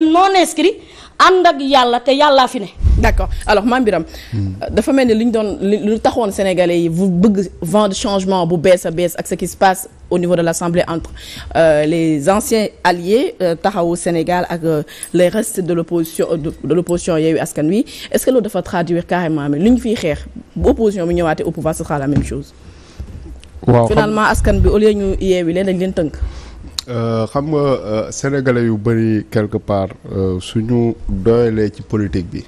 non inscrit ànd ak yàlla te yàllaa fi ne. d'accord alors ma Birame euh, dafa mel ni li ñu doon lu taxoon sénégalais yi bu bëgg vent de changement bu bees a bees ak ce qui se passe au niveau de l'Assemblée entre euh, les anciens alliés euh, Taxawu Sénégal ak le euh, les restes de l'opposition de, de Askan Wi est loolu dafa traduire carrément mais li ñu fiy xeex bu opposition bi ñëwaatee au pouvoir ce la même chose. finalement askan bi au lieu ñu leen dañ leen tënk. Euh, xam nga euh, sénégalais yu bëri quelque part euh, suñu doyalee ci politique bi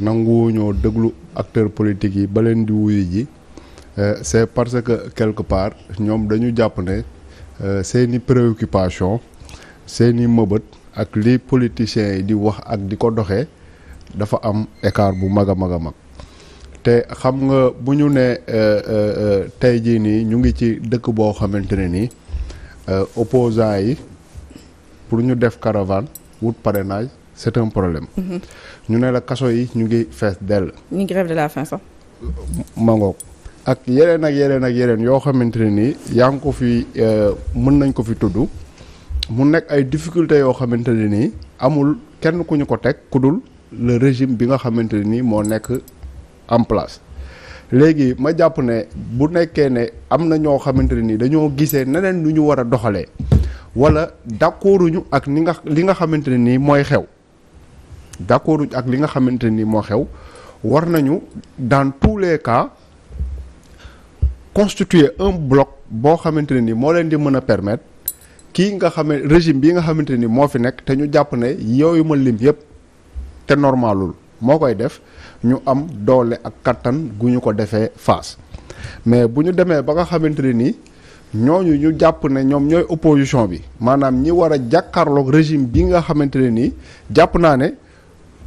nangu ñoo déglu acteur politique yi ba leen di wuyu ji c'est parce que quelque part ñoom dañu jàpp ne seeni préoccupation seeni mëbët ak li politiciens yi di wax ak di ko doxe dafa am écart bu mag a mag a mag te xam nga bu ñu ne tey jii nii ñu ngi ci dëkk boo xamante ne nii Euh, opposants yi pour ñu def caravane wut parrainage c' est un problème. Mm-hmm. ñu ne la kaso yi ñu ngi fees dell. ñu la faim sax. mangook ak yeneen ak yeneen ak yeneen yoo xamante ne nii yaa ngi ko fi euh, mën nañ ko fi tudd mu nekk ay difficultés yoo xamante ne nii amul kenn ku ñu ko teg ku dul le régime bi nga xamante ne nii moo nekk en place. léegi ma jàpp ne bu nekkee ne am na ñoo xamante ne ni dañoo gisee neneen lu ñu war a doxalee wala d'accorduñu ak ni nga li nga xamante ne nii mooy xew d'accorduñu ak li nga xamante nii moo xew war nañu dans tous les cas constituer un bloc boo xamante ne ni moo leen di mën a permettre kii nga xam régime bii nga xamante ni moo fi nekk te ñu jàpp ne yow yooyu ma lim yépp te normalul moo koy def ñu am doole ak kattan gu ñu ko defee fas mais bu ñu demee ba nga xamante ne nii ñooñu ñu jàpp ne ñoom ñooy opposition bi maanaam ñi war a jàkkaarloog régime bi nga xamante ne nii jàpp naa ne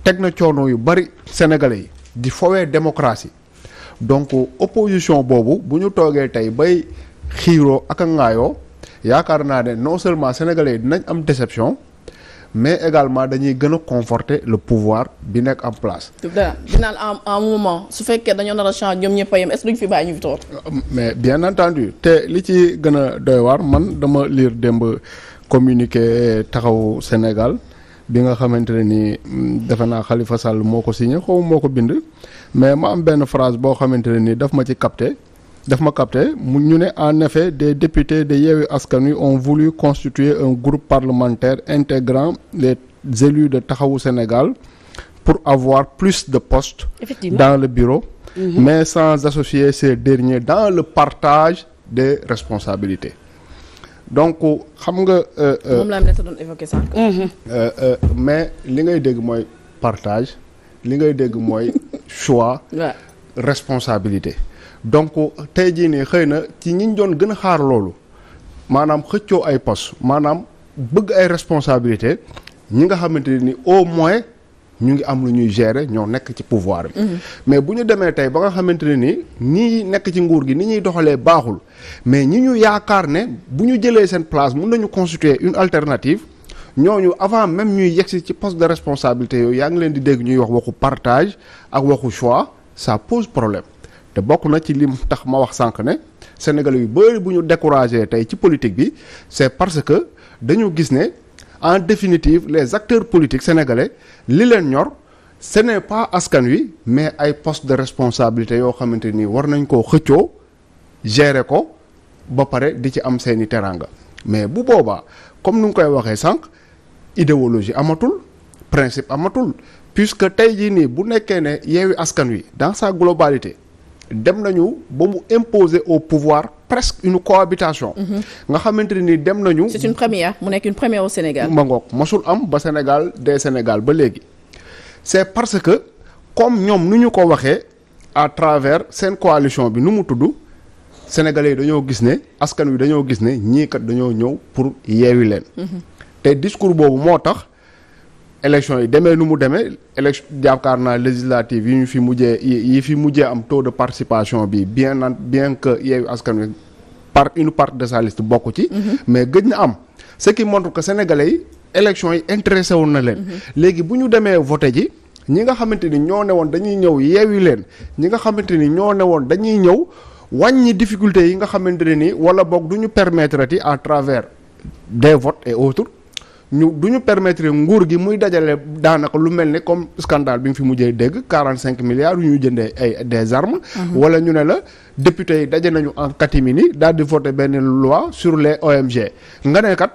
teg na coono yu bari sénégalais yi di fowee démocratie donc opposition boobu bu ñu toogee tey bay xiiroo ak a ŋaayoo yaakaar naa ne non seulement sénégalais yi dinañ am déception mais également dañuy gën a conforter le pouvoir bi nekk en place. tout à fait en en moment su fekkee dañoo nar a ñoom ñëpp a yem est-ce que duñ fi bàyyi ñu fi toog. Euh, mais bien entendu te li ci gën a doy waar man dama lire démb communiqué taxawu Sénégal. bi nga xamante ne nii hmm, defe naa xalifa Sall moo ko signé xaw moo ko bind mais ma am benn phrase boo xamante ne nii daf ma ci capté daf ma capté mu ñu ne en effet des députés de Yewwi Askan Wi ont voulu constituer un groupe parlementaire intégrant les élus de Taxawu Sénégal pour avoir plus de postes dans le bureau mm -hmm. mais sans associer ces derniers dans le partage des responsabilité donc xam nga euh, euh, moom laa doon évoquer ça mhm. euh, mais li ngay dégg mooy partage li ngay dégg mooy choix responsabilité donc tey jii nii xëy na ci ñiñ doon gën a xaar loolu maanaam xëccoo ay post maanaam bëgg ay responsabilité ñi nga xamante ni au moins ñu ngi am lu ñuy gérer ñoo nekk ci pouvoir bi. Mhm. mais bu ñu demee tey ba nga xamante ne ni ñii nekk ci nguur gi ni ñuy doxalee baaxul mais ñi ñu yaakaar ne bu ñu jëlee seen place mun nañu constituer une alternative ñu avant même ñuy yegsi ci poste de responsabilité yooyu yaa ngi leen di dégg ñuy wax waxu partage ak waxu choix ça pose problème. te bokk na ci lim tax ma wax sànq ne sénégalais yu bëri bu ñu découragé tey ci politique bi c'est parce que dañu gis ne en définitive les acteurs politiques sénégalais li leen ñor ce n'est pas askan wi mais ay poste de responsabilité yoo xamante nii war nañ koo xëccoo gérer ko ba pare di ci am seeni teraanga mais bu boobaa comme nu ngi koy waxee sànq idéologie amatul principe amatul puisque tey jii nii bu nekkee ne yeewi askan wi dans sa globalité dem nañu ba mu imposer au pouvoir presque une cohabitation. Mhm. nga xamante ni dem nañu. c'est une première mu nekk une première au Sénégal. ma ngoog mosul am ba Sénégal de Sénégal ba léegi. c'est parce que comme ñoom nu ñu ko waxee à travers seen coalition bi nu mu tudd sénégalais yi dañoo gis ne askan wi dañoo gis ne ñiikat dañoo ñëw pour yeewi leen. Mhm. te discours boobu moo tax. élection yi demee nu mu demee élection jaakaar naa législative yi ñu fi mujjee yi fi mujjee am taux de participation bi bien an bien que Yewwi Askan Wi par une part de sa liste bokk ci mhm. mais gëj na am ce qui montre que sénégalais yi élection yi intéressé woon na leen mhm. léegi bu ñu demee voté ji ñi nga xamante ni ñoo ne woon dañuy ñëw yeewi leen ñi nga xamante ni ñoo ne woon dañuy ñëw wàññi difficulté yi nga xamante ne ni wala boog du ñu permettre ti à travers des votes et autres ñu du ñu permettre nguur gi muy dajale daanaka lu mel ne comme scandale bi ñu fi mujjee dégg quarante cinq milliards yu ñu jëndee ay des armes. Mhm. wala ñu ne la député yi daje nañu en catimini daal di voté benn loi sur les OMG nga ne kat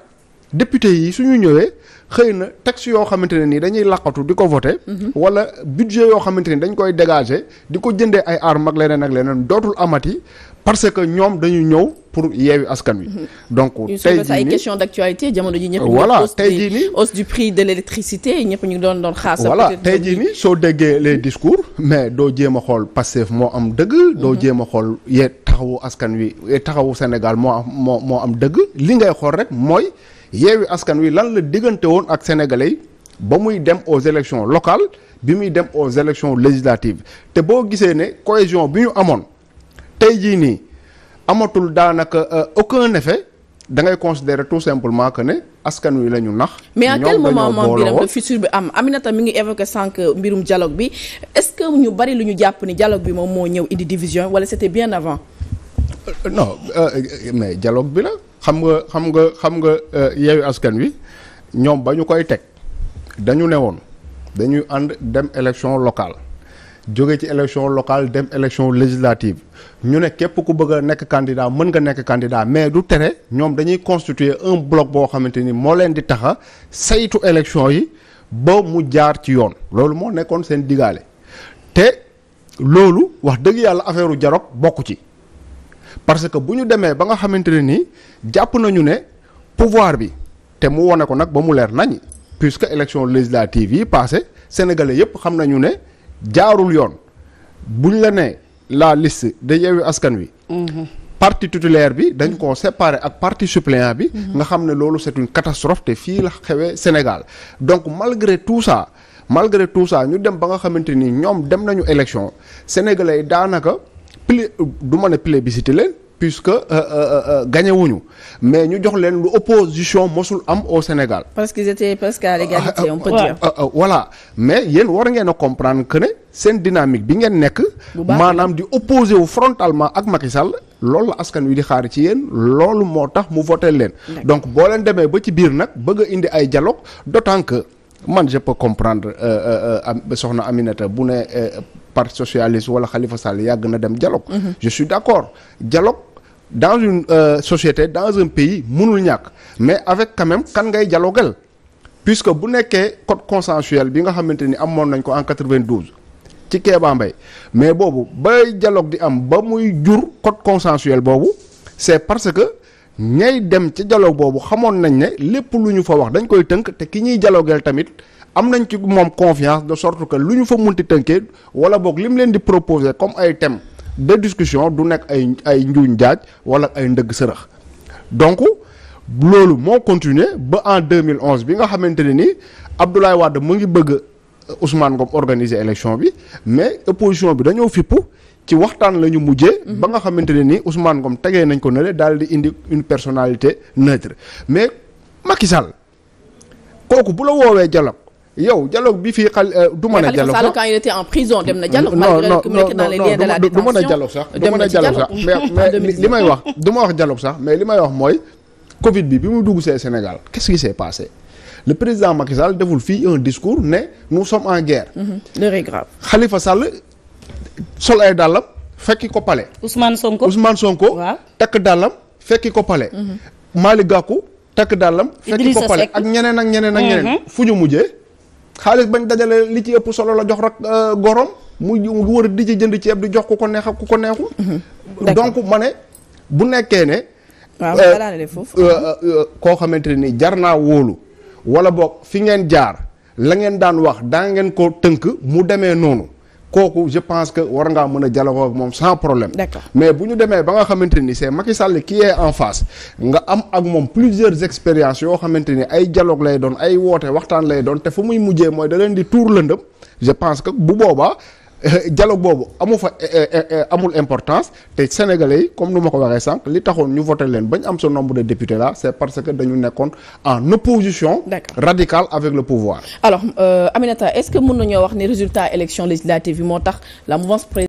député yi su suñu ñëwee xëy na texte yoo xamante ne nii dañuy laqatu di ko voté mhm. wala budget yoo xamante ni dañ koy dégager di ko jëndee ay armes ak leneen ak leneen dootul amati parce que ñoom dañu ñëw pour yeewi askan wi. Mhm. donc tey jii ay question d'actualité jamono ji ñëpp. voilà tey jii nii hausse du prix de l'électricité ñëpp ñu doon doon xaas. voilà tey jii nii soo déggee les discours mais doo jéem a xool Pastef moo am dëgg. doo mhm. jéem a xool yee taxawu askan wi taxawu Sénégal moo am moo moo am dëgg li ngay xool rek mooy yeewi askan wi lan la diggante woon ak sénégalais ba muy dem aux élections locales bi muy dem aux élections législatives te boo gisee ne cohésion bi ñu amoon. tey jii nii amatul daanaka euh, aucun effet da ngay considérer tout simplement que ne askan wi la ñu nax. mais à quel moment moom Birame le futur bi am Aminata mi ngi évoqué sànq mbirum dialogue bi est-ce que ñu bari lu ñu jàpp ni dialogue bi moom moo ñëw indi division wala c'était bien avant. Euh, non euh, mais dialogue bi la xam nga xam nga xam nga yeewu askan wi ñoom ba ñu koy teg dañu ne woon dañuy ànd dem élection locale jóge ci élection locale dem élection législative. ñu ne képp ku bëgg nekk candidat mën nga nekk candidat mais du tere ñoom dañuy constituer un bloc boo xamante ni moo leen di taxa saytu élection yi ba mu jaar ci yoon loolu moo nekkoon seen digaale te loolu wax dëgg yàlla affaireu jarog bokk ci parce que bu ñu demee ba nga xamante ne nii jàpp nañu ne pouvoir bi te mu wone ko nag ba mu leer nañ puisque élection législative yi passé sénégalais yëpp xam nañu ne jaarul yoon buñ la ne la liste de Yewwi Askan Wi mhm. parti titulaire bi dañ ko séparer ak parti suppléant bi mhm. nga xam ne loolu c'est une te fii la xewee Sénégal donc malgré tout ça malgré tout ça ñu dem ba nga xamante ni ñoom dem nañu élection sénégalais yi daanaka plé du ma ne plébiscité leen puisque euh, euh, euh, gagné wuñu mais ñu jox leen lu opposition mosul am au Sénégal. parce qu'ils étaient presque à mais yéen war ngeen a comprendre que ne seen dynamique bi ngeen nekk. maanaam di opposé wu frontalement ak Macky Sall loolu la askan wi di xaar ci yéen loolu moo tax mu voté leen. donc boo leen demee ba ci biir nag bëgg indi ay dialogue d'autant que man je peux comprendre soxna Aminata bu ne. parti socialiste wala Khalifa Sall yàgg na dem dialogue mhm. je suis d'accord dialogue dans une euh, société dans un pays mënul ñàkk mais avec quand même kan ngay dialoguel puisque bu nekkee code consensuel bi nga xamante ni amoon nañ ko en 92 ci Kéba Mbaye mais boobu bay jaloog di am ba muy jur code consensuel boobu c'est parce que ñay dem ci dialogue boobu xamoon nañ ne lépp lu ñu fa wax dañ koy tënk te ki ñuy dialoguel tamit am nañ ci moom confiance de sorte que lu ñu fa munti tënkee wala boog li leen di proposer comme ay thème de discussion du nekk ay ay njuuñ jaaj wala ay ndëgg sërëx donc loolu moo continuer ba en 2011 bi nga xamante ne ni Abdoulaye Wade mu ngi bëgg euh, Ousmane Ngom organiser élection bi mais opposition bi dañoo fippu ci waxtaan la ñu mujjee. Mhm. ba nga xamante ne ni Ousmane Ngom tegee nañ ko ne daal di indi une personnalité neutre mais Macky kooku bu la woowee dialogue yow dialogue bi fii xal euh, du mën a dialogue sax quand il était en prison dem na dialogue malgré du mën a dialogue sax mën a dialogue sax mais mais li may wax du ma wax dialogue sax mais li may wax mooy covid bi bi mu dugg see Sénégal qu'est-ce qui s'est président Macky Sall deful fii un discours ne nous sommes en guerre mm-hmm. l'heure est grave Khalifa sol ay dàllam fekki ko pale Ousmane Sonko Ousmane Sonko takk dàllam fekki ko pale mm-hmm. Malick Gakou takk dàllam fekki ko pale ak ñeneen ak ñeneen ak ñeneen mm-hmm. fu ñu mujjee xaalis bañ dajale li ci ëpp solo la jox rek euh, gorom mu wër di ci jënd ceeb di jox ku ko neex ak ku ko neexul. Mhm. donc ma ne bu nekkee ne. waaw euh, euh, koo xamante ne nii jar naa wóolu wala boog fi ngeen jaar la ngeen daan wax daa ngeen ko tënk mu demee noonu. kooku je pense que war ngaa mën a dialogue ak moom sans problème. d'accord. mais bu ñu demee ba nga xamante ni c'est Macky Sall qui en face nga am ak moom plusieurs expériences yoo xamante ni ay jaloog lay doon ay woote waxtaan lay doon te fu muy mujjee mooy daleen leen di tuur lëndëm je pense que bu boobaa. dialogue boobu amu fa eh, eh, eh, amul importance te sénégalais yi comme nu ma ko waxee sànq li taxoon ñu voté leen ba ñu am sa nombre de députés là c'est parce que dañu nekkoon en opposition radicale avec le pouvoir alors euh, Aminata est-ce que mën nañoo wax ni résultat élection législative yi moo tax la mouvance